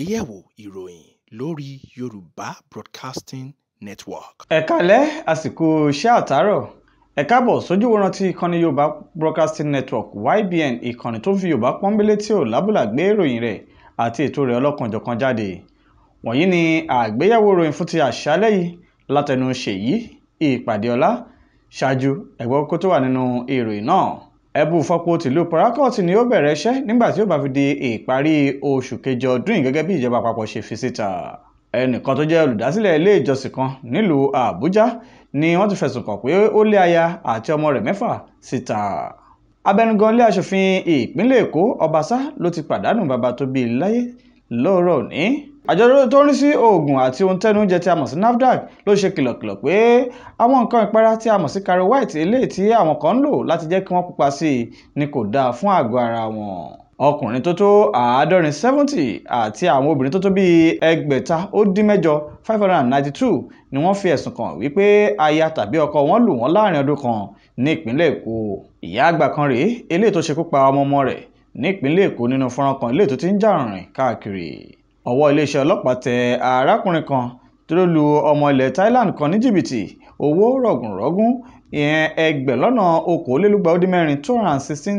àgbéyẹ̀wò ìròyìn lórí yorùbá broadcasting network. ẹ kálẹ́ àsìkò iṣẹ́ àtàárọ̀ ẹ káàbọ̀ sójú wòran ti ìkànnì yorùbá broadcasting network ybn ìkànnì tó fi yorùbá pọ́nbélé tí ò lábùlà gbé ìròyìn rẹ̀ àti ètò rẹ̀ ọlọ́kanjọ̀kan jáde wọ̀nyí ni àgbéyẹ̀wò ìròyìn fún ti àṣálẹ́ yìí látẹnu ṣèyí ìpàdé ọlá ṣáájú ẹ̀gbọ́n kó tó wà nínú ìròyìn náà ẹ̀bù fọpo tìlú parakọ́ọ̀tì ni ó bẹ̀rẹ̀ iṣẹ́ nígbà tí ó bá fi di ìparí oṣù kejì ọdún yìí gẹ́gẹ́ bí ìjọba àpapọ̀ ṣe fi síta ẹnìkan tó jẹ́ olùdásílẹ̀ ilé ìjọsìn kan nílùú àbújá ni wọ́n ti fẹ̀sùn kàn pé ó lé aya àti ọmọ rẹ̀ mẹ́fà síta abẹnugan ilé aṣòfin ìpínlẹ̀ èkó ọbaṣá ló ti pàdánù bàbá tó bí láyé lóòrọ̀ òní àjọ tó ń rí sí oògùn àti ohun tẹ́nu oúnjẹ tí a mọ̀ sí NAFDAC ló ṣe kìlọ̀kìlọ̀ pé àwọn nǹkan ìpara tí a mọ̀ sí caro white eléyìí tí àwọn kan ń lò láti jẹ́ kí wọ́n pupa sí i ni kò dáa fún àgọ́ ara wọn ọkùnrin tó tó àádọ́rin seventy àti àwọn obìnrin tó tó bíi ẹgbẹ̀ta ó dín mẹ́jọ five hundred and ninety two ni wọ́n fi ẹ̀sùn kàn wípé aya tàbí ọkọ wọn lù wọ́n láàrin ọdún kan ní ìpínlẹ̀ èkó ìyá àgbà kan rèé eléyìí tó ṣekú pa ọmọ ọmọ rẹ̀ ní ìpínlẹ̀ èkó nínú fọ́nrán kan eléyìí tó ti ń jà rìn káàkiri owó iléeṣẹ́ ọlọ́pàá tẹ arákùnrin kan tó lu ọmọ ilẹ̀ thailand kan ní jìbìtì owó rọ̀gùnrọ̀gùn ìyẹn ẹgbẹ̀rún lọ́nà okòólélúgba ó dín mẹ́rin two hundred and sixteen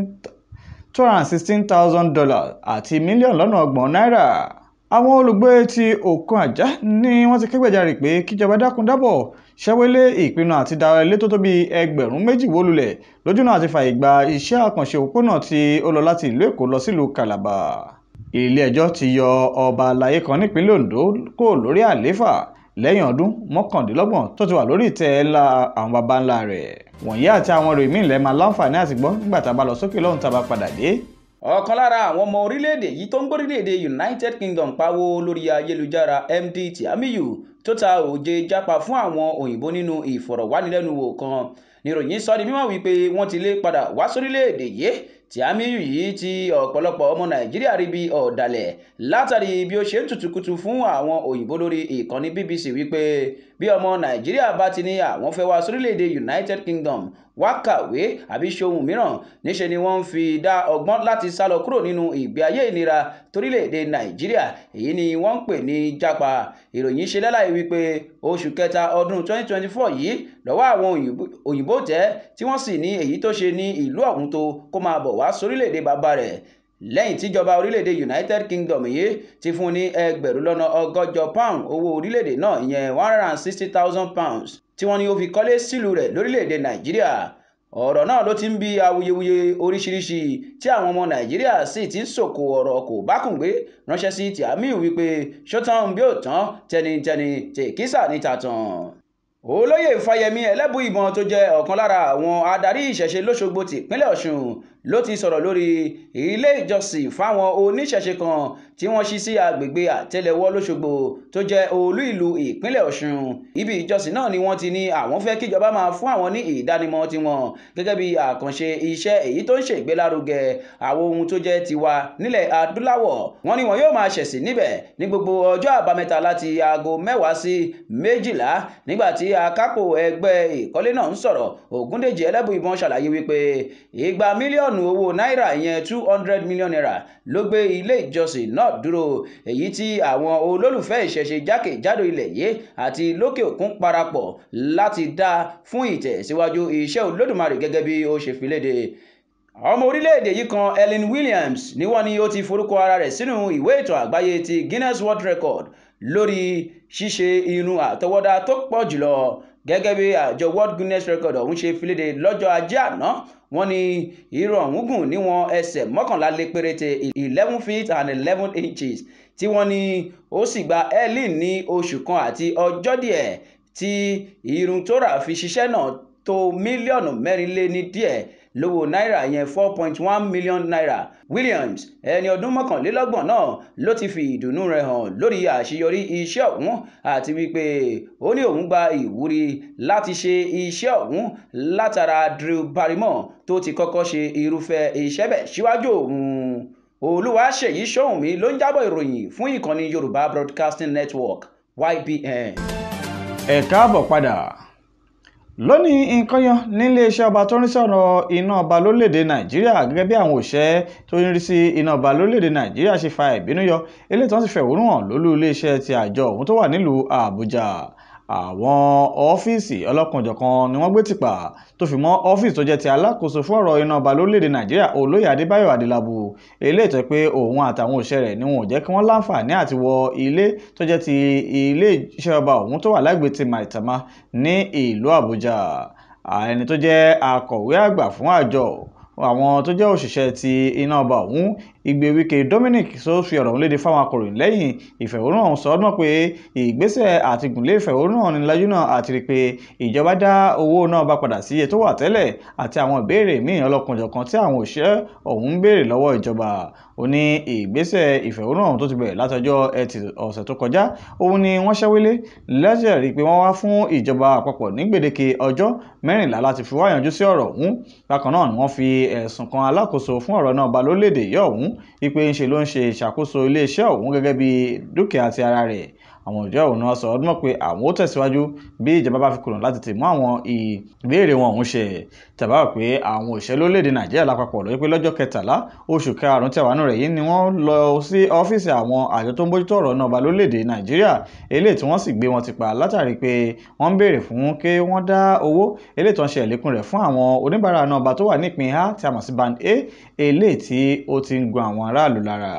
two hundred and sixteen thousand dollars àti mílíọ̀nù lọ́nà ọgbọ̀n náírà àwọn olùgbé ti òkun àjá ni wọ́n ti kẹ́gbẹ̀jarì pé kíjọba dákun dábọ̀ ṣẹ́wélé ìpinnu àti da ilé tó tó bí ẹgbẹ̀rún méjì wó lulẹ̀ lójúnà àti fàyè gba iṣẹ́ àkànṣe òpópónà tí ó lọ láti ìlú èkó lọ sílùú calabar ilé-ẹjọ́ ti yọ ọba àlàyé kan nípìnlẹ̀ ondo kúrò lórí àlééfà lẹ́yìn ọdún mọ́kàndínlọ́gbọ̀n tó ti wà lórí ìtẹ́ ńlá àwọn baba ńlá rẹ̀ wọ̀nyí àti àwọn rèmí ilẹ̀ máa láǹfààní àti gbọ́ nígbà tá a bá lọ sókè lọ́hùn tá a bá padà dé. ọ̀kan lára àwọn ọmọ orílẹ̀-èdè yìí tó ń gbórílẹ̀-èdè United Kingdom pawó lórí ayélujára MD Tiamiyu tó ta òje jápa fún àwọn òyìnbó nínú ìfọ̀rọ̀wánilẹ́nuwò kan níròyìn sọ di mímọ̀ wípé wọ́n ti lé padà wá sórílẹ̀-èdè yìí Tìámíyù yìí tí ọ̀pọ̀lọpọ̀ ọmọ Nàìjíríà rí bí ọ̀dàlẹ̀ látàrí bí ó ṣe ń tutùkùtù fún àwọn òyìnbó lórí ìkànnì BBC wípé bí ọmọ nàìjíríà bá ti ní àwọn fẹ́ wá sórílẹ̀-èdè united kingdom wá kàwé àbí ṣe ohun mìíràn níṣe ni wọ́n ń fi dá ọgbọ́n láti sálọ kúrò nínú ìgbé ayé ìnira torílẹ̀-èdè nàìjíríà èyí ni wọ́n ń pè ní jápa ìròyìn ṣe lẹ́láì wípé oṣù kẹta ọdún 2024 yìí lọ́wọ́ àwọn òyìnbó tẹ́ tí wọ́n sì ní èyí tó ṣe ní ìlú ọ̀hún tó kó máa bọ̀ wá sórílẹ̀-èdè bàbá rẹ̀ lẹ́yìn tíjọba orílẹ̀-èdè United Kingdom yìí ti fún ní ẹgbẹ̀rún lọ́nà ọgọ́jọ pound owó orílẹ̀-èdè náà ìyẹn one hundred and sixty thousand pounds tí wọ́n ní ó fi kọ́lé sílùú rẹ̀ lórílẹ̀-èdè Nàìjíríà ọ̀rọ̀ náà ló ti ń bi awuyewuye oríṣiríṣi tí àwọn ọmọ nàìjíríà sì ti ń sòkò ọ̀rọ̀ kò bákùngbé ránṣẹ́ sí Tìámíù wípé ṣótán bí ó tán tẹnitẹni tèkísà níta tán. olóyè Fáyẹmí ẹlẹ́bùíbọn tó jẹ́ ọ̀kan lára àwọn adarí ìṣẹ̀ṣe lọ́ṣogbo tìpínlẹ̀ Ọ̀ṣun ló ti sọ̀rọ̀ lórí ilé ìjọsìn fáwọn oníṣẹ̀ṣe kan tí wọ́n ṣí sí agbègbè àtẹlẹwọ́ lọ́ṣogbo tó jẹ́ olú ìlú ìpínlẹ̀ ọ̀ṣun ibi ìjọsìn náà ni wọ́n ti ní àwọn fẹ́ kíjọba máa fún àwọn ní ìdánimọ̀ tiwọn gẹ́gẹ́ bí àkànṣe iṣẹ́ èyí tó ń ṣe ìgbélárugẹ àwọn ohun tó jẹ́ tiwa nílẹ̀ adúláwọ̀ wọ́n ni wọn yóò máa ṣẹ̀sì níbẹ̀ ní gbogbo ọjọ́ àbámẹ́ta láti aago mẹ́wàá sí méjìlá nígbà tí akápò ẹgbẹ́ ìkọ́lé náà ń sọ̀rọ̀ ògúndèjì ẹlẹ́bùíbọn ṣàlàyé wípé igba mílíọ̀nù owó náírà ìyẹn two hundred million naira ló gbé ilé ìjọsìn náà Trump dúró èyí tí àwọn olólùfẹ́ ìṣẹ̀ṣe jákèjádò ilẹ̀ yìí àti lókè òkun parapọ̀ láti dá fún ìtẹ̀síwájú iṣẹ́ Olódùmarè gẹ́gẹ́ bí ó ṣe fi léde ọmọ orílẹ̀-èdè yìí kan Ellen Williams ni wọ́n ní ó ti forúkọ ara rẹ̀ sínú ìwé ìtàn àgbáyé ti Guinness World Record lórí ṣíṣe irun àtọwọ́dá tó pọ̀ jùlọ gẹ́gẹ́ bí àjọ world guinness record ọ̀hún ṣe fi lọ́jọ́ ajé àná wọ́n ní ìrọ̀ ọ̀hún gùn níwọ̀n ẹsẹ̀ mọ́kànlá lé péréte eleven feet and eleven inches tí wọ́n ní ó sì gba elin ní oṣù kan àti ọjọ́ díẹ̀ tí irun tó rà fi ṣiṣẹ́ náà tó mílíọ̀nù mẹ́rin lé ní díẹ̀ lówó náírà yẹn four point one million naira Williams ẹni ọdún mọ́kànlélọ́gbọ̀n náà ló ti fi ìdùnnú rẹ̀ hàn lórí àṣeyọrí iṣẹ́ ọ̀hún àti wípé ó ní òun gba ìwúrí láti ṣe iṣẹ́ ọ̀hún látara Drew Barrymore tó ti kọ́kọ́ ṣe irúfẹ́ iṣẹ́ bẹ̀ síwájú òun Olúwaṣèyí Ṣóhùnmí ló ń jábọ̀ ìròyìn fún ìkànnì Yorùbá Broadcasting Network YBN. ẹ káàbọ̀ padà lónìí nǹkan yan níléeṣẹ́ ọba tó ń rí sí ọ̀rọ̀ iná ọba lórílẹ̀‐èdè nàìjíríà gẹ́gẹ́ bí àwọn òṣẹ́ tó ń rí sí iná ọba lórílẹ̀‐èdè nàìjíríà ṣe fa ìbínú yọ eléyìí tí wọ́n sì fẹ̀hónú hàn lólú iléeṣẹ́ ti àjọ ọ̀hún tó wà nílùú àbújá àwọn ọ́fíìsì ọlọ́kanòjọ̀kan ni wọ́n gbé tìpá tó fi mọ́ ọ́fíìsì tó jẹ́ ti alákòóso fún ọ̀rọ̀ iná ọba lórílẹ̀‐èdè nàìjíríà olóyè adébáyọ̀ adélábù eléyìí tó pé òun àtàwọn òṣìṣẹ́ rẹ̀ ni wọn ò jẹ́ kí wọ́n láǹfààní àti wọ ilé tó jẹ́ ti ilé iṣẹ́ ọba ọ̀hún tó wà lágbègbè ti maitama ní ìlú àbújá ẹni tó jẹ́ akọ̀wé àgbà fún àjọ àwọn tó jẹ́ òṣìṣẹ́ ti iná ọba ọ̀hún ìgbèríko Dominic so fi ọ̀rọ̀ léde fáwọn akọ̀ròyìn lẹ́yìn ìfẹ̀hónúhàn ọ̀hún sọ ọ́ náà pé ìgbésẹ̀ àtìgúnlé ìfẹ̀hónúhàn níláyú náà àti rí pé ìjọba dá owó náà bá padà sí iye tó wà tẹ́lẹ̀ àti àwọn ìbéèrè míì ọlọ́kanjọ̀kan tí àwọn òṣìṣẹ́ ọ̀hún ń béèrè lọ́wọ́ ìjọba ó ní ìgbésẹ̀ ìfẹ̀hónúhàn tó ti bẹ̀rẹ̀ látọjọ́ ẹtì ọ̀sẹ̀ tó kọjá òun ni wọ́n ṣẹ́wélé lẹ́sẹ̀ rí i pé wọ́n wá fún ìjọba àpapọ̀ ní gbèdéke ọjọ́ wípé ńṣe ló ń ṣe ìṣàkóso iléeṣẹ́ ọ̀hún gẹ́gẹ́ bí dúkìá ti ara rẹ̀ àwọn ìjọ ọ̀hún náà sọ ọdún mọ̀ pé àwọn ó tẹ̀síwájú bí ìjọba bá fi kùnà láti tì mú àwọn ìbéèrè wọn ọ̀hún ṣe tàbá pé àwọn òṣèlú orílẹ̀-èdè nàìjíríà lápapọ̀ lóye pé lọ́jọ́ kẹtàlá oṣù karùn-ún tẹ̀wá nù rẹ̀ yìí ni wọ́n lọ sí ọ́fíìsì àwọn àjọ tó ń bójútó ọ̀rọ̀ náà ọba lórílẹ̀-èdè nàìjíríà eléyìí tí wọ́n sì gbé wọn ti pa látàrí pé wọ́n ń béèrè fún kí wọ́n dá owó eléyìí tó ń ṣe ẹ̀lẹ́kùn rẹ̀ fún àwọn oníbàárà náà ọba tó wà nípìn a tí a mọ̀ sí band a eléyìí tí ó ti ń gun àwọn aráàlú lára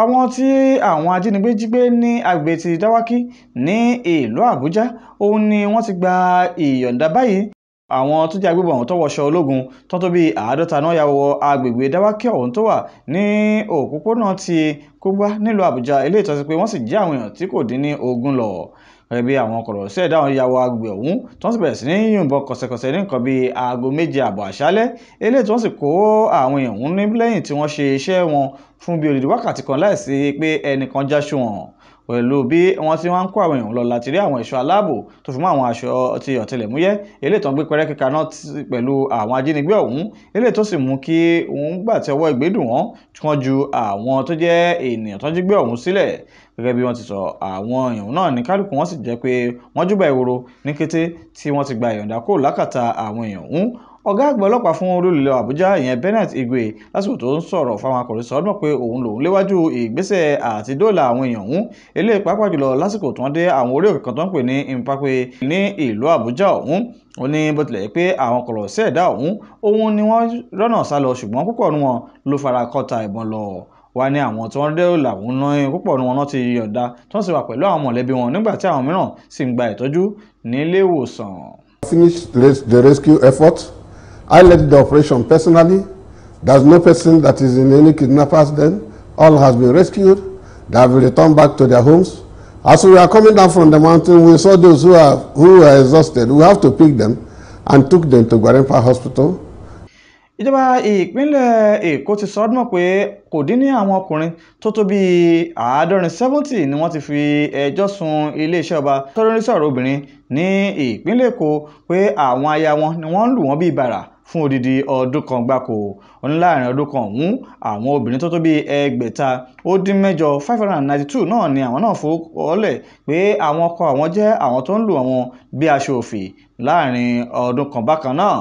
àwọn tí àwọn ajínigbé jí gbé ní agbègbè ti dáwákì ní ìlú àbújá ọ̀hún ni wọ́n ti gba ìyọ̀ǹda báyìí àwọn tó jẹ́ agbébọn ọ̀hún tó wọṣọ ológun tó tó bíi àádọ́ta náà ya wọ agbègbè dáwákì ọ̀hún tó wà ní òpópónà ti kógbá nílùú àbújá eléyìí tó ṣe pé wọ́n sì jí àwọn èèyàn tí kò dín ní ogún lọ gẹ́gẹ́ bí àwọn ọkọ̀rọ̀ sí ẹ̀dá àwọn ìyàwó agbè ọ̀hún tí wọ́n sì bẹ̀rẹ̀ sí ní yìnbọn kọ̀sẹ̀kọ̀sẹ̀ ní nǹkan bíi aago méje àbọ̀ àṣálẹ́ eléyìí tí wọ́n sì kó àwọn èèyàn ọ̀hún ní lẹ́yìn tí wọ́n ṣe iṣẹ́ wọn fún bíi odidi wákàtí kan láìsí pé ẹnìkan jáṣu wọn pẹ̀lú bí wọ́n ti wá ń kó àwọn èèyàn lọ láti rí àwọn ẹ̀ṣọ́ aláàbò tó fi mọ́ àwọn aṣọ ti ọ̀tẹlẹ̀múyẹ́ eléyìí tó ń gbé pẹ́rẹ́ kíka náà pẹ̀lú àwọn ajínigbé ọ̀hún eléyìí tó sì mú kí wọ́n gbà tí ọwọ́ ìgbédùn wọn tí wọ́n ju àwọn tó jẹ́ ènìyàn tó jí gbé ọ̀hún sílẹ̀ gẹ́gẹ́ bí wọ́n ti sọ àwọn èèyàn náà ní kálukú wọ́n sì jẹ́ pé wọ́n júbà ìwòrò ní kété tí wọ́n ti gba ìyọ̀ǹda kúrò lákàtà àwọn èèyàn ọ̀hún ọ̀gá àgbà ọlọ́pàá fún olùlọ àbújá ìyẹn Bernard Igwe lásìkò tó ń sọ̀rọ̀ fáwọn akọ̀ròyìn sọ́dún pé òun lòún léwájú ìgbésẹ̀ àti dóòlà àwọn èèyàn ọ̀hún eléyìí pàápàá jùlọ lásìkò tó ń dé àwọn orí òkè kan tó ń pè ní Mpakwe ní ìlú àbújá ọ̀hún ó ní bó tilẹ̀ pé àwọn kọ̀rọ̀ sí ẹ̀dá ọ̀hún òun ni wọ́n rọ́nà sá lọ ṣùgbọ́n púpọ̀ nù wọn ló fara kọta ìbọn lọ wá ní àwọn tí wọ́n dé làwọn náà púpọ̀ nù wọn náà ti yọ̀ǹda tí wọ́n sì wà pẹ̀lú àwọn mọ̀lẹ́bí wọn nígbà tí àwọn mìíràn sì ń gba ìtọ́jú nílé ìwòsàn. Finish the rescue effort. I led the operation personally. There's no person that is in any kidnapper's Then All has been rescued. They have returned back to their homes. As we are coming down from the mountain, we saw those who, are, who are exhausted. We have to pick them and took them to Gwarinpa Hospital. ìjọba ìpínlẹ̀ èkó ti sọ ọdún pé kò dín ní àwọn ọkùnrin tó tó bíi àádọ́rin seventy ni wọ́n ti fi ẹjọ́ sun iléeṣẹ́ ọba tọ́lórí sọ̀rọ̀ obìnrin ní ìpínlẹ̀ èkó pé àwọn aya wọn ni wọ́n ń lù wọ́n bíi bàrà fún odidi ọdún kan gbáko wọn ní láàrin ọdún kan ọ̀hún àwọn obìnrin tó tó bíi ẹgbẹ̀ta ó dín mẹ́jọ five hundred and ninety two náà ni àwọn náà fowókọ́lẹ̀ pé àwọn ọkọ àwọn jẹ́ àwọn tó ń lù àwọn bí aṣòfin láàrin ọdún kan bákan náà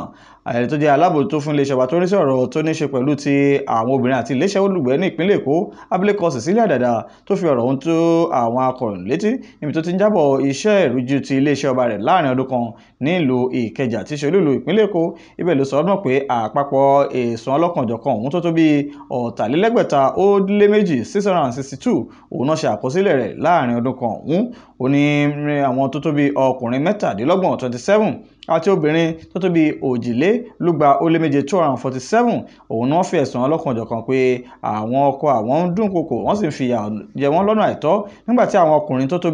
àyẹ̀lẹ́ tó jẹ́ alábòójútó fún iléeṣẹ́ wa tó ní sí ọ̀rọ̀ tó ní ṣe pẹ̀lú ti àwọn obìnrin àti iléeṣẹ́ olùgbé ní ìpínlẹ̀ èkó abilékọ cecilia dada tó fi ọ̀rọ̀ ohun tó àwọn akọ̀ròyìn létí níbi tó ti ń jábọ̀ iṣẹ́ ìrújú ti iléeṣẹ́ ọba rẹ̀ láàrin ọdún kan nílùú ìkẹjà tí ṣe olúlu ìpínlẹ̀ èkó ibẹ̀ ló sọ ọdún pé àpapọ̀ ẹ̀sùn ọlọ́kanòjọ̀kan òun sixty two òun náà ṣe àkọsílẹ̀ rẹ̀ láàrin ọdún kan ó ní àwọn tó tó bí ọkùnrin mẹ́tàdínlọ́gbọ̀n twenty seven àti obìnrin tó tó bí òjìlélúgba ó lé méje two hundred forty seven òun ni wọ́n fi ẹ̀sùn ọlọ́kanòjọ̀kan pé àwọn ọkọ àwọn ń dúnkookò wọ́n sì ń fìyà jẹ wọ́n lọ́nà àìtọ́ nígbà tí àwọn ọkùnrin tó tó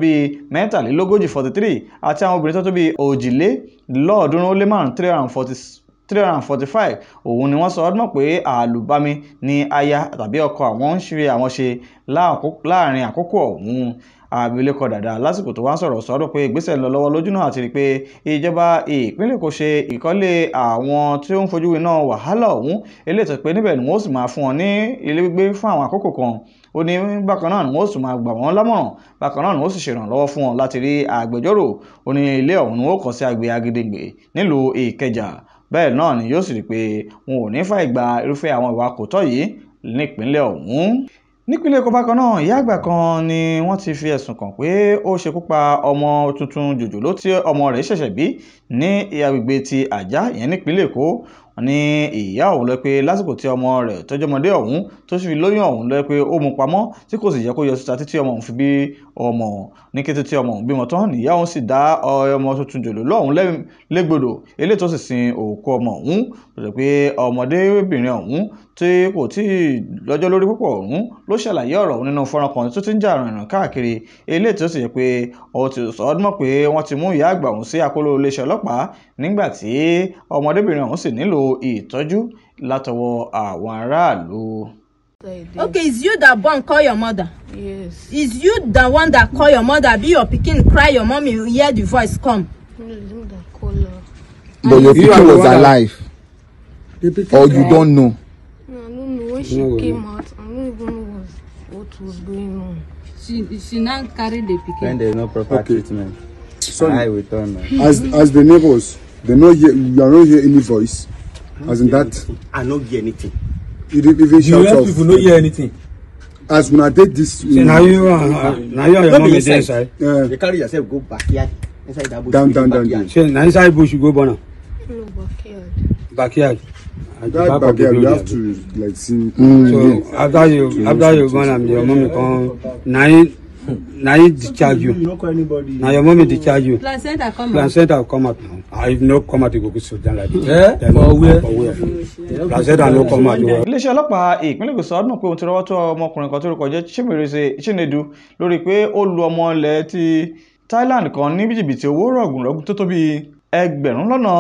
mẹ́tàlélógójì forty three àti àwọn obìnrin tó tó bí òjìlélọ́ọ̀ọ́dúnrún ó lé márùn three hundred forty three hundred forty-five òun ni wọ́n sọ ọdún mọ̀ pé àlùbami ni aya tàbí ọkọ àwọn ń ṣe àwọn ṣe láàrin àkókò ọ̀hún abilékọ dàda lásìkò tó wá ń sọ̀rọ̀ sọ́dọ̀ pé ìgbésẹ̀ lọ lọ́wọ́ lójúnà àti rí pé ìjọba ìpínlẹ̀ kò ṣe ìkọ́lé àwọn tí ó ń fojú winá wàhálà ọ̀hún eléyìí tó pé níbẹ̀ ni wọ́n sì máa fún wọn ní ilé gbígbé fún àwọn àkókò kan ó ní bákan náà ni wọ́n sì máa gbà wọ́n lámọ̀ràn bákan náà ni wọ́n sì ṣèrànlọ́wọ́ fún wọn láti rí agbẹjọ́rò ó ní ilé ọ̀hún ni wọ́n kọ́ sí agbè agedengbe nílùú ìkẹjà bẹ́ẹ̀ náà ni yóò sì rí pé wọn ò ní fàyè gba irúfẹ́ àwọn ìwà kò tọ́ yìí nípínlẹ̀ ọ̀hún nípínlẹ̀ èkó bákan náà ìyá àgbà kan ni wọ́n ti fi ẹ̀sùn kàn pé ó ṣekú pa ọmọ tuntun jòjòló tí ọmọ rẹ̀ ṣẹ̀ṣẹ̀ bí ní agbègbè ti àjá ìyẹn nípínlẹ̀ èkó ní ìyá ọ̀hún lọ pé lásìkò tí ọmọ rẹ̀ tọ́jọ́mọdé ọ̀hún tó sì fi lóyún ọ̀hún lọ pé ó mú pamọ́ tí kò sì yẹ kó yọ síta títí ọmọ ọ̀hún fi bí ọmọ ní kété tí ọmọ ọ̀hún bímọ tán níyà ọ̀hún sì dá ọmọ tuntun jòlóló ọ̀hún légbodò eléyìí tó sì sin òkú ọmọ ọ̀hún tó pé ọmọdébìnrin ọ̀hún tí kò tí ì lọ́jọ́ lórí púpọ̀ ọ̀hún ló ṣàlàyé ọ̀rọ̀ nínú fọ́nrán kan tó ti ń jà rìnrìn káàkiri eléyìí tó sì yẹ pé ó ti sọ ọ́ mọ̀ pé wọ́n ti mú ìyá àgbà ọ̀hún sí akóló iléeṣẹ́ ọlọ́pàá nígbà tí ọmọdébìnrin ọ̀hún sì nílò ìtọ́jú látọwọ́ àwọn aráàlú. Okay, is you that born call your mother. Yes. Is you the one that call your mother. Be your pikin cry, your mommy you hear the voice come. No, But your pikin was alive. Or you don't know she no came worry. out, I don't even know what was going on. She she now carried the picket. When there's no proper okay. treatment. So I will turn. As as the neighbors, they no hear you are not hear any voice. As in that I no hear anything. You didn't even shout out. people not hear anything. As when I did this. Mm, uh, now you are na you are your mom dey inside. Yeah. They carry yourself go backyard inside that bush. Down down down. Say na inside bush you go burn am. No backyard. Backyard that back there you have to like see. Mm. so after you after you born and your mummy come now him na him discharge you Now your mommy discharge you placenta come out placenta come out now if no come out you go go sit down like this then for where placenta no come out. iléeṣẹ́ ọlọ́pàá ìpínlẹ̀ Ògùn sọ ọdún pé òun ti rọwọ́ tó ọmọkùnrin kan tó rúkọ jẹ́ Chimerese Chinedu lórí pé ó lu ọmọ ilẹ̀ ti Thailand kan ní jìbìtì owó rọ̀gùnrọ̀gùn tó tó bíi ẹgbẹ̀rún lọ́nà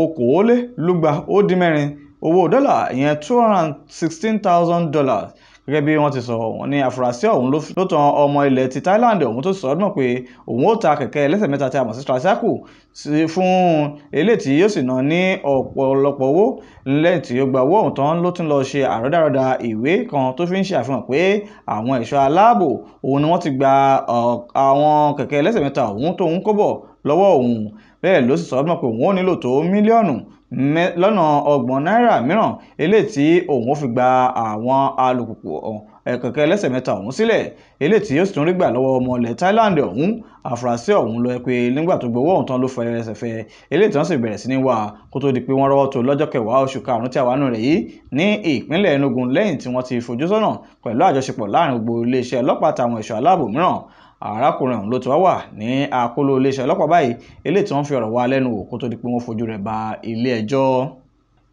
okòólélúgba ó dín mẹ́rin owó dọ́là ìyẹn two hundred and sixteen thousand dollars gẹ́gẹ́ bí wọ́n ti sọ wọ́n ní àfúrásì ọ̀hún ló tan ọmọ ilẹ̀ ti Thailand ọ̀hún tó sọ ọdún pé òun ó ta kẹ̀kẹ́ ẹlẹ́sẹ̀ mẹ́ta tí a mọ̀ sí tricycle fún eléyìí tí yóò sì ná ní ọ̀pọ̀lọpọ̀ owó lẹ́yìn tí ó gba owó ọ̀hún tán ló tún lọ ṣe àrọ́dàrọ́dà ìwé kan tó fi ń ṣe àfihàn pé àwọn ẹ̀ṣọ́ aláàbò òun ni wọ́n ti gba àwọn kẹ̀kẹ́ ẹlẹ́sẹ̀ mẹ́ta ọ̀hún tóun kó bọ̀ lọ́wọ́ òun bẹ́ẹ̀ ló sì sọ ọdún pé òun ó nílò tó mílíọ̀nù lọ́nà ọgbọ̀n náírà mìíràn eléyìí tí òun fi gba àwọn alùpùpù kẹ̀kẹ́ ẹlẹ́sẹ̀ mẹ́ta ọ̀hún sílẹ̀ eléyìí tí yóò sì tún rí gbà lọ́wọ́ ọmọ ilẹ̀ Thailand ọ̀hún àfúrásì ọ̀hún ló pé nígbà tó gbowó ọ̀hún tán ló fẹ́ ẹsẹ̀ fẹ́ eléyìí tí wọ́n sì bẹ̀rẹ̀ sí ní wá kó tó di pé wọ́n rọ́wọ́ tó lọ́jọ́ kẹwàá oṣù karùn-ún tí àwánú rẹ̀ yìí ní ìpínlẹ̀ Enugu lẹ́yìn tí wọ́n ti fojú sọ́nà pẹ̀lú àjọṣepọ̀ láàrin gbogbo iléeṣẹ́ ọlọ́pàá àtàwọn ẹ̀ṣọ́ aláàbò mìíràn arákùnrin ọ̀hún ló ti wá wà ní akóló iléeṣẹ́ ọlọ́pàá báyìí eléyìí tí wọ́n fi ọ̀rọ̀ wá lẹ́nu wò kó tó di pé wọ́n fojú rẹ̀ ba ilé ẹjọ́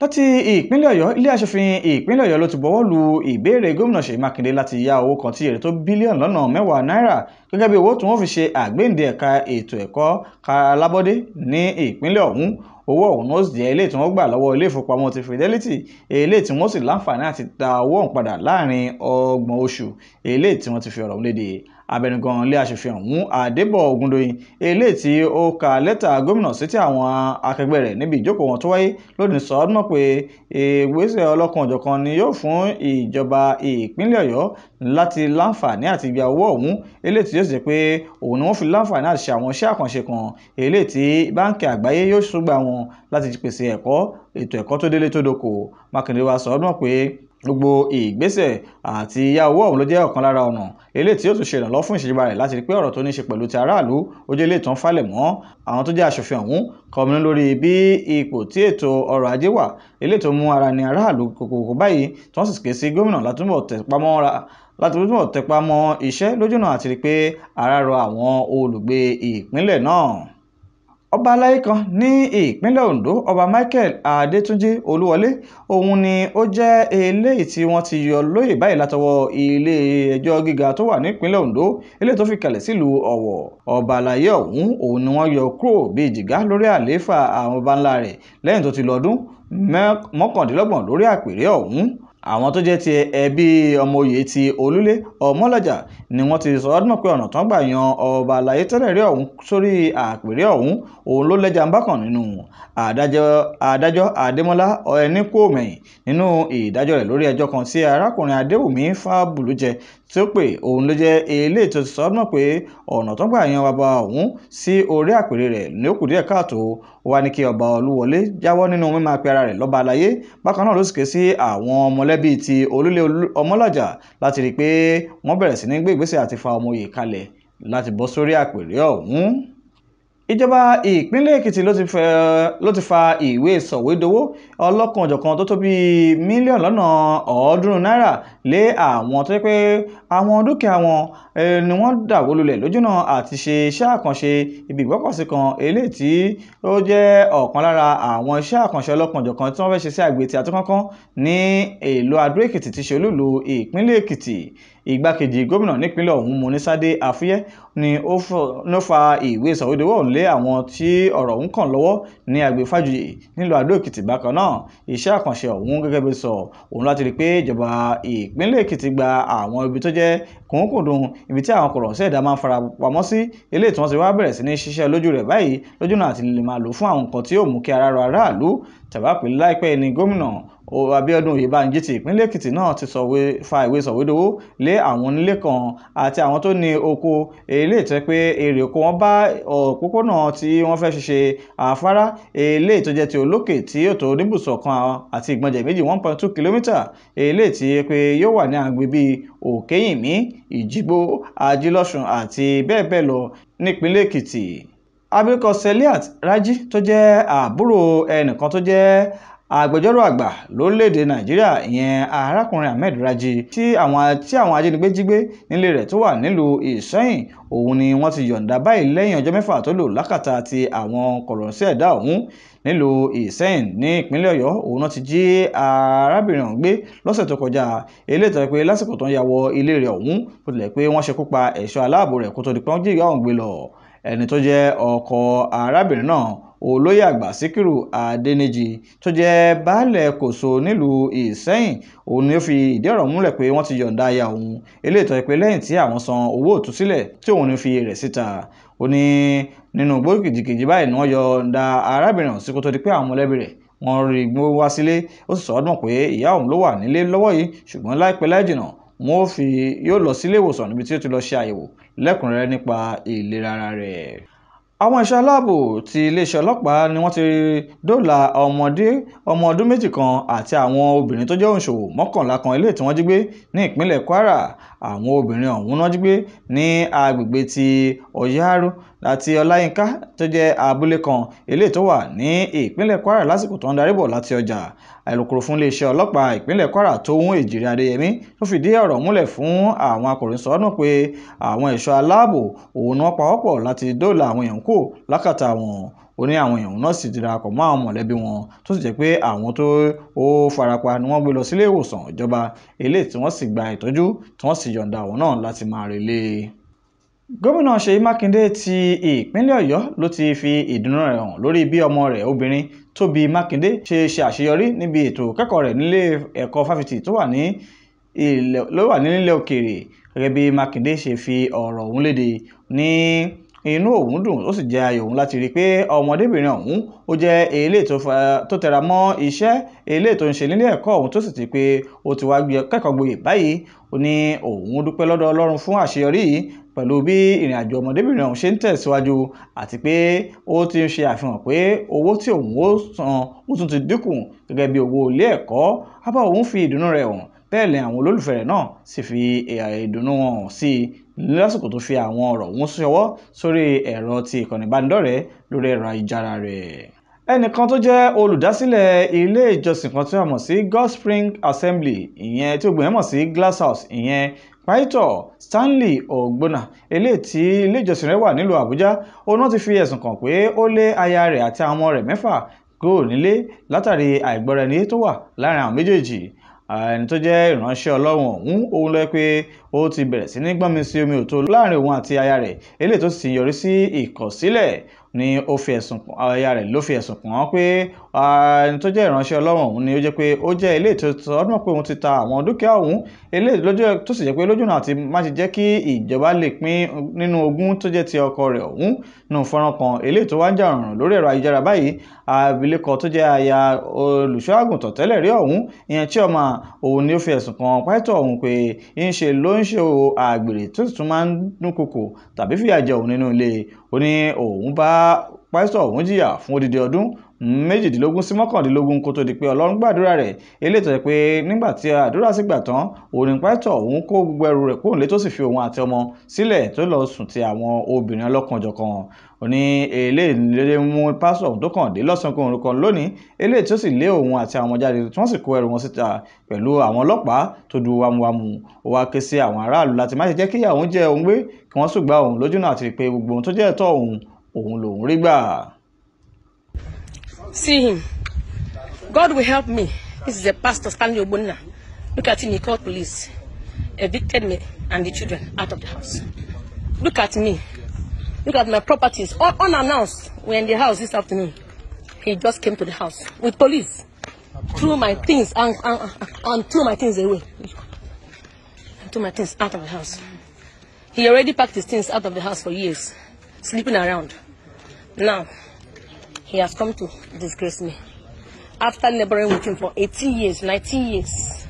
láti ìpínlẹ̀ ọ̀yọ́ ilé aṣòfin ìpínlẹ̀ ọ̀yọ́ ló ti bọ́wọ́ lu ìbéèrè gómìnà ṣèyí mákindé láti ya owó kan tí èrè tó bílíọ̀nù lọ́nà mẹ́wàá náírà gẹ́gẹ́ bí owó tí wọ́n fi ṣe àgbéǹde ẹ̀ka ètò ẹ̀kọ́ kalábọ́dé ní ìpínlẹ̀ ọ̀hún owó ọ̀hún ó sì jẹ́ ilé tí wọ́n gbà lọ́wọ́ ilé ìfowópamọ́ ti fidelity ilé tí wọ́n sì láǹfààní àti ta owó ọ̀hún padà láàrin ọgbọ̀n oṣù ilé tí wọ́n ti fi ọ̀rọ̀ léde abẹnugan ilé aṣòfin ọ̀hún àdébọ̀ ògùndòyìn eléyìí tí ó ka lẹ́tà gómìnà sétí àwọn akẹgbẹ́ rẹ̀ níbi ìjókòó wọn tó wáyé lónìí sọ ọ́ mọ̀ pé ìgbésẹ̀ ọlọ́kan-ò-jọ̀kan ni yóò fún ìjọba ìpínlẹ̀ ọ̀yọ́ láti láǹfààní àti gba owó ọ̀hún eléyìí tí yóò ṣe pé òun ni wọ́n fi láǹfààní àti ṣe àwọn iṣẹ́ àkànṣe kan eléyìí tí báńkì àgbáyé yóò ṣùgbà wọn láti pèsè ẹ̀kọ́ ètò ẹ̀kọ́ tó délé tó doko mákindé wa sọ ọ́ mọ̀ pé gbogbo ìgbésẹ̀ àti ìyá owó ọ̀hún ló jẹ́ ọ̀kan lára ọ̀nà eléyìí tí ó tún ṣe ìrànlọ́wọ́ fún ìṣèjọba rẹ̀ láti rí pé ọ̀rọ̀ tó ní ṣe pẹ̀lú ti aráàlú ó jẹ́ ilé ìtàn àwọn tó jẹ́ aṣòfin ọ̀hún kọminú lórí bí ipò tí ètò ọrọ̀ ajé wà eléyìí tó mú ara ní aráàlú kòkòkò báyìí tí wọ́n sì ké sí gómìnà látúbọ̀ tẹpámọ́ra iṣẹ́ lójúnà àti rí pé ara rọ àwọn olùgbé ìpínlẹ̀ náà ọba aláyé kan ní ìpínlẹ̀ Ondo ọba Michael Adétúnjì Olúwọlé òun ni ó jẹ́ eléyìí tí wọ́n ti yọ lóyè báyìí látọwọ́ ilé-ẹjọ́ gíga tó wà nípínlẹ̀ Ondo eléyìí tó fi kalẹ̀ sílùú Ọ̀wọ̀ ọba aláyé ọ̀hún òun ni wọ́n yọ kúrò bíi jìgá lórí àlééfà àwọn ọba ńlá rẹ̀ lẹ́yìn tó ti lọ́dún mọ́kàndínlọ́gbọ̀n lórí àpèrè ọ̀hún àwọn tó jẹ́ ti ẹbí ọmọoyè ti olúlé ọmọlọ́jà ni wọ́n ti sọ ọdún pé ọ̀nà tán gbà yan ọba àlàyé tẹ́lẹ̀ rí ọ̀hún sórí àpèrè ọ̀hún òun ló lẹ́jà ń bákan nínú adájọ́ adémọ́lá ẹnikóòmẹ̀yìn nínú ìdájọ́ rẹ̀ lórí ẹjọ́ kan sí arákùnrin adéwùmí fábùlùjẹ tí ó pè òun ló jẹ́ ilé ètò ìsọdún pé ọ̀nà tán gbà yan ọba ọ̀hún sí orí àpèrè rẹ̀ ní ó díẹ̀ káàtó wá ní kí ọba olúwọlé jáwọ́ nínú mímáa pe ara rẹ̀ lọ́ba àlàyé bákan náà ló sì ké sí àwọn ọmọlẹ́ gẹ́gẹ́ bíi ti olúlé ọmọlàjà láti rí i pé wọ́n bẹ̀rẹ̀ sí ní gbé ìgbésẹ̀ àti fa ọmọ yìí kalẹ̀ láti bọ́ sórí àpèrè ọ̀hún ìjọba ìpínlẹ̀ èkìtì ló ti fa ìwé sọ̀wédowó ọlọ́kan-ò-jọ̀kan tó tó bíi mílíọ̀nù lọ́nà ọ̀ọ́dúnrún náírà lé àwọn tó yẹ pé àwọn dúkìá wọn eh, ni wọ́n dàwó lulẹ̀ lójúnà àti ṣe iṣẹ́ àkànṣe ibi ìgbọ́kọ̀sí kan eléyìí tí ó jẹ́ ọ̀kan lára àwọn iṣẹ́ àkànṣe ọlọ́kanòjọ̀kan tí wọ́n fẹ́ ṣe sí àgbètì àtúnkọ́kọ́ ní èlò Adó-Èkìtì tí ṣe olúìlú ìpínlẹ̀ Èkìtì igbákejì gómìnà nípínlẹ̀ ọ̀hún Monísádé Afúyẹ́ ni ó fa ìwé sọ̀wédowó ọ̀hún lé àwọn tí ọ̀rọ̀ ọ̀hún kàn lọ́wọ́ ní agbègbè Fájuyì nílùú Adó-Èkìtì bákan náà iṣẹ́ àkànṣe ọ̀hún gẹ́gẹ́ bí sọ òun láti rí i pé ìjọba ìpínlẹ̀ Èkìtì gba àwọn ibi tó jẹ́ birlikte kùnkùndùn ibi tí àwọn kòrò ṣẹ̀dá máa ń fara pamọ́ sí ilé ìtàn ti wá bẹ̀rẹ̀ sí ní ṣiṣẹ́ lójú rẹ̀ báyìí lójúnà àti lè máa lò fún àwọn nǹkan tí yóò mú kí ara rọ aráàlú tàbí àpè láìpẹ́ ní gómìnà Abíọ́dún Oyèbánjí ti ìpínlẹ̀ Èkìtì náà ti fa ìwé sọ̀wédowó lé àwọn onílé kan àti àwọn tó ní oko ilé ìtọ́ pé èrè oko wọn bá òpópónà tí wọ́n fẹ́ ṣiṣẹ́ afárá ilé ìtọ́ jẹ́ ti olókè tí yóò tó oníbùsọ̀ kan àti ìgbọ̀njẹ̀ méjì one point two kilometre ilé ìtì pé yóò wà ní agbègbè Òkèyìnmí ìjìgbó ajílọ́sùn àti bẹ́ẹ̀ bẹ́ẹ̀ lọ nípínlẹ̀ èkìtì abilékọ seliat raji tó jẹ́ àbúrò ẹnìkan tó jẹ́ agbẹjọ́rò àgbà lórílẹ̀‐èdè nàìjíríà ìyẹn arákùnrin ahmed raji tí àwọn tí àwọn ajínigbé jí gbé nílé rẹ̀ tó wà nílùú ìṣẹ́yìn òun ni wọ́n ti yọ̀ǹda báyìí lẹ́yìn ọjọ́ mẹ́fà tó lò lákàtà ti àwọn kọ̀rọ̀ǹsí ẹ̀dá ọ̀hún nílùú ìṣẹ́yìn ní ìpínlẹ̀ ọ̀yọ́ òun náà ti jí arábìnrin ọ̀hún gbé lọ́sẹ̀ tó kọjá eléyìí tó yẹ pé ya wọ ilé rẹ̀ ọ̀hún bó ẹni tó jẹ́ ọkọ arábìnrin náà olóyè àgbà síkírù adẹ́nìjì tó jẹ́ baálẹ̀ kòso nílùú ìsẹ́yìn òun ni ó fi ìdí ọ̀rọ̀ múlẹ̀ pé wọ́n ti yọ̀ǹda aya òun eléyìí tó pé lẹ́yìn tí àwọn san owó òtúsílẹ̀ tí òun ni fi rẹ̀ síta ó ní nínú gbókìjìkìjì báyìí ni wọ́n yọ̀ǹda arábìnrin ọ̀hún sí kó tó di pé àwọn mọ̀lẹ́bí rẹ̀ wọ́n rí gbó wá sílé ó sì sọ ọdún pé ìyá òun ló wà nílé lọ́wọ́ yìí ṣùgbọ́n láìpẹ́ láìjìnà wọn ò fi yóò lọ sílé ìwòsàn níbi tí ó ti lọ ṣe àyẹ̀wò lẹ́kùnrẹ́rẹ́ nípa ìlera ara rẹ̀ àwọn ẹ̀ṣọ́ aláàbò ti iléeṣẹ́ ọlọ́pàá ni wọ́n ti dóòlà ọmọdé ọmọ ọdún méjì kan àti àwọn obìnrin tó jẹ́ òǹṣòwò mọ́kànlá kan eléyìí tí wọ́n jí gbé ní ìpínlẹ̀ kwara àwọn obìnrin ọ̀hún náà jí gbé ní agbègbè ti ọ̀yáàrú láti ọláyínká tó jẹ́ abúlé kan eléyìí tó wà ní ìpínlẹ̀ kwara lásìkò tó ń darí bọ̀ láti ọjà alukoro fún iléeṣẹ́ ọlọ́pàá ìpínlẹ̀ kwara Tóhún Èjìrè Adéyẹmí tó fìdí ọ̀rọ̀ múlẹ̀ fún àwọn akọ̀ròyìn sọ́nù pé àwọn ẹ̀ṣọ́ aláàbò òun náà pawọ́pọ̀ láti dóòlà àwọn èèyàn kù lákàtà wọn ó ní àwọn èèyàn náà sì ti darapọ̀ mọ́ àwọn mọ̀lẹ́bí wọn tó sì jẹ́ pé àwọn tó ó farapa ni wọ́n gbé lọ sílé ìwòsàn ìjọba eléyìí tí wọ́n sì gba ìtọ́jú tí wọ́n sì yọ̀ǹda àwọn náà láti máa relé gómìnà ṣèyí mákindé ti ìpínlẹ̀ ọ̀yọ́ ló ti fi ìdùnnú rẹ̀ hàn lórí bí ọmọ rẹ̀ obìnrin tóbi mákindé ṣe ṣe àṣeyọrí níbi ètò kẹ́kọ̀ọ́ rẹ̀ nílé ẹ̀kọ́ inú òun dùn ó sì jẹ ayọ̀ òun láti rí i pé ọmọdébìnrin ọ̀hún ó jẹ́ eléyìí tó tẹra mọ́ iṣẹ́ eléyìí tó ń ṣe nílé ẹ̀kọ́ òun tó sì ti pé ó ti wá kẹ́kọ̀ọ́ gboyè báyìí ó ní òun dúpẹ́ lọ́dọ̀ Ọlọ́run fún àṣeyọrí yìí pẹ̀lú bí ìrìn àjò ọmọdébìnrin ọ̀hún ṣe ń tẹ̀síwájú àti pé ó ti ń ṣe àfihàn pé owó tí òun ó san ó tún ti dínkù gẹ́gẹ́ bí owó ilé ẹ̀kọ́ àbá òun fi ìdùnnú rẹ̀ hàn bẹ́ẹ̀ lásìkò tó fi àwọn ọ̀rọ̀ ọ̀hún ṣọwọ́ sórí ẹ̀rọ ti ìkànnì ìbánidọ́rẹ̀ẹ́ lórí ẹ̀rọ ayélujára rẹ̀ ẹnìkan tó jẹ́ olùdásílẹ̀ ilé ìjọsìn kan tí wọ́n mọ̀ sí Godspring Assembly ìyẹn tí gbogbo yẹn mọ̀ sí Glass House ìyẹn pásítọ̀ Stanley Ogbonna eléyìí tí ilé ìjọsìn rẹ̀ wà nílùú Àbújá òun náà ti fi ẹ̀sùn kàn pé ó lé aya rẹ̀ àti àwọn ọmọ rẹ̀ mẹ́fà kúrò nílé látàrí àìgbọ́ra ẹni tó wà láàrin àwọn méjèèjì ẹni tó jẹ́ ìránṣẹ́ ọlọ́run ọ̀hún òun lọ pé ó ti bẹ̀rẹ̀ sí ní gbọ́nmi sí omi òtó láàrin òun àti aya rẹ̀ eléyìí tó sì yọrí sí ìkọ̀sílẹ̀ ni ó fi ẹ̀sùn aya rẹ̀ ló fi ẹ̀sùn kàn án pé ẹni tó jẹ́ ìránṣẹ́ ọlọ́run ọ̀hún ni ó jẹ́ pé ó jẹ́ ilé ìtòsọ́ ọdún pé òun ti ta àwọn dúkìá ọ̀hún eléyìí lójú tó sì jẹ́ pé lójúnà àti má ṣe jẹ́ kí ìjọba lè pín nínú ogún tó jẹ́ ti ọkọ rẹ̀ ọ̀hún nù fọ́nrán kan eléyìí tó wá ń jà rànràn lórí ẹ̀rọ ayélujára báyìí abilékọ tó jẹ́ aya olùṣọ́àgùntàn tẹ́lẹ̀ rí ọ̀hún ìyẹn Chioma òun ni ó fi ẹ̀sùn kan pásítọ̀ ọ̀hún pé ń ṣe ló ń ṣe àgbèrè tó sì tún máa ń dúnkokò tàbí fìyà jẹ òun nínú ilé ó ní òun bá pásítọ̀ ọ̀hún jìyà fún odidi ọdún méjìdínlógún sí mọ́kàndínlógún kó tó di pé ọlọ́run gbàdúrà rẹ̀ eléyìí tó jẹ́ pé nígbà tí àdúrà sì gbà tán òní pẹ́tọ̀ òun kó gbogbo ẹrù rẹ̀ kóun lé tó sì fi òun àti ọmọ sílẹ̀ tó lọ sùn ti àwọn obìnrin ọlọ́kanjọ̀kan òní eléyìí mú pásọ̀ tó kàn dé lọ́sàn-án kan orúkọ lónìí eléyìí tó sì lé òun àti àwọn ọmọ jáde tí wọ́n sì kó ẹrù wọn síta pẹ̀lú àwọn ọlọ́pàá tó du wamuwamu ó wá òun jẹ́ rí gbà. See him. God will help me. This is a pastor, Stanley Obunna. Look at him, he called police. Evicted me and the children out of the house. Look at me. Look at my properties. All unannounced. We're in the house this afternoon. He just came to the house with police. Threw my things and, and, and threw my things away. And threw my things out of the house. He already packed his things out of the house for years, sleeping around. Now, he has come to disgrace me after laboring with him for 18 years, 19 years.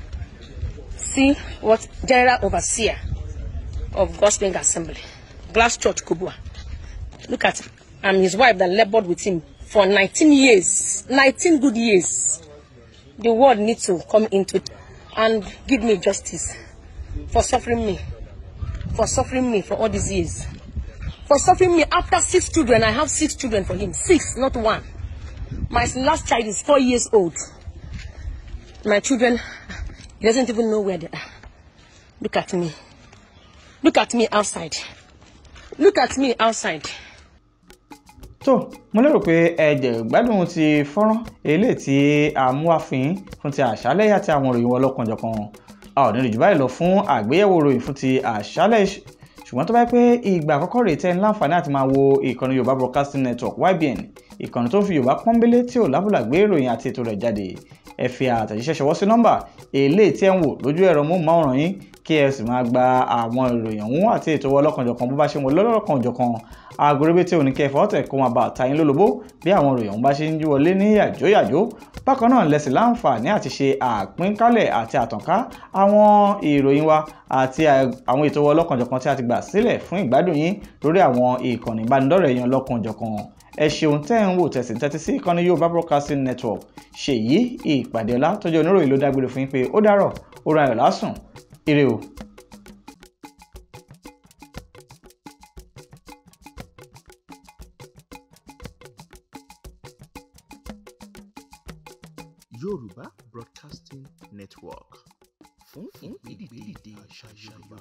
See what general overseer of Gospel Assembly, Glass Church Kubwa. Look at him. I'm his wife that labored with him for 19 years, 19 good years. The world needs to come into it and give me justice for suffering me, for suffering me for all these years for suffering me after six children. I have six children for him. Six, not one. My last child is four years old. My children, he doesn't even know where they are. Look at me. Look at me outside. Look at me outside. tó mo lérò pé ẹ jẹ gbádùn ti fọ́nrán eléyìí tí a mú wá fún ti àṣálẹ́ yá àwọn òròyìn wọn lọ́kànjọ̀kan a ò ní lè jù báyìí lọ fún àgbéyẹ̀wò òròyìn fún ti àṣálẹ́ ṣùgbọ́n tó bá yẹ pé ìgbà àkọ́kọ́ rèé tẹ́ ń láǹfààní àti máa wo ìkànnì yorùbá broadcasting network ybn ìkànnì tó ń fi yorùbá pọ́nbélé tí ò lábùlà gbé ìròyìn àti ètò rẹ̀ jáde ẹ fi àtẹ̀jíṣẹ́ ṣọwọ́ sí nọ́mbà èlé tí ẹ ń wò lójú ẹ̀rọ móhùnmáwòrán yín kí ẹ sì máa gba àwọn ìròyìn ọ̀hún àti ètò ọlọ́kanjọ̀kan bó bá ṣe wọn lọ́lọ́kanjọ̀kan agorébété oníkẹfọ́ tẹ̀ kó máa bá àtàyín lólobó bí àwọn ìròyìn bá ṣe ń jí wọlé ní yàjóyàjó bákan náà lẹ́sìn láǹfààní àti ṣe àpínkálẹ̀ àti àtànká àwọn ìròyìn wa àti àwọn ètò ọlọ́kanjọ̀kan tí a ti gbà sílẹ̀ fún ìgbádùn yín lórí àwọn ìkànnì ìbánidọ́rẹ̀ẹ́ yẹn ọlọ́kanjọ̀kan ẹ ṣeun tẹ́ ń wò tẹ̀sí tẹ́tí sí ìkànnì Yorùbá Broadcasting Network ṣèyí ìpàdé ọlá tọ́jú oníròyìn ló dágbére fún yín pé ó dárọ̀ ó ra ayọ̀ lásùn ire o. Network fún ìgbédìde àṣà Yorùbá.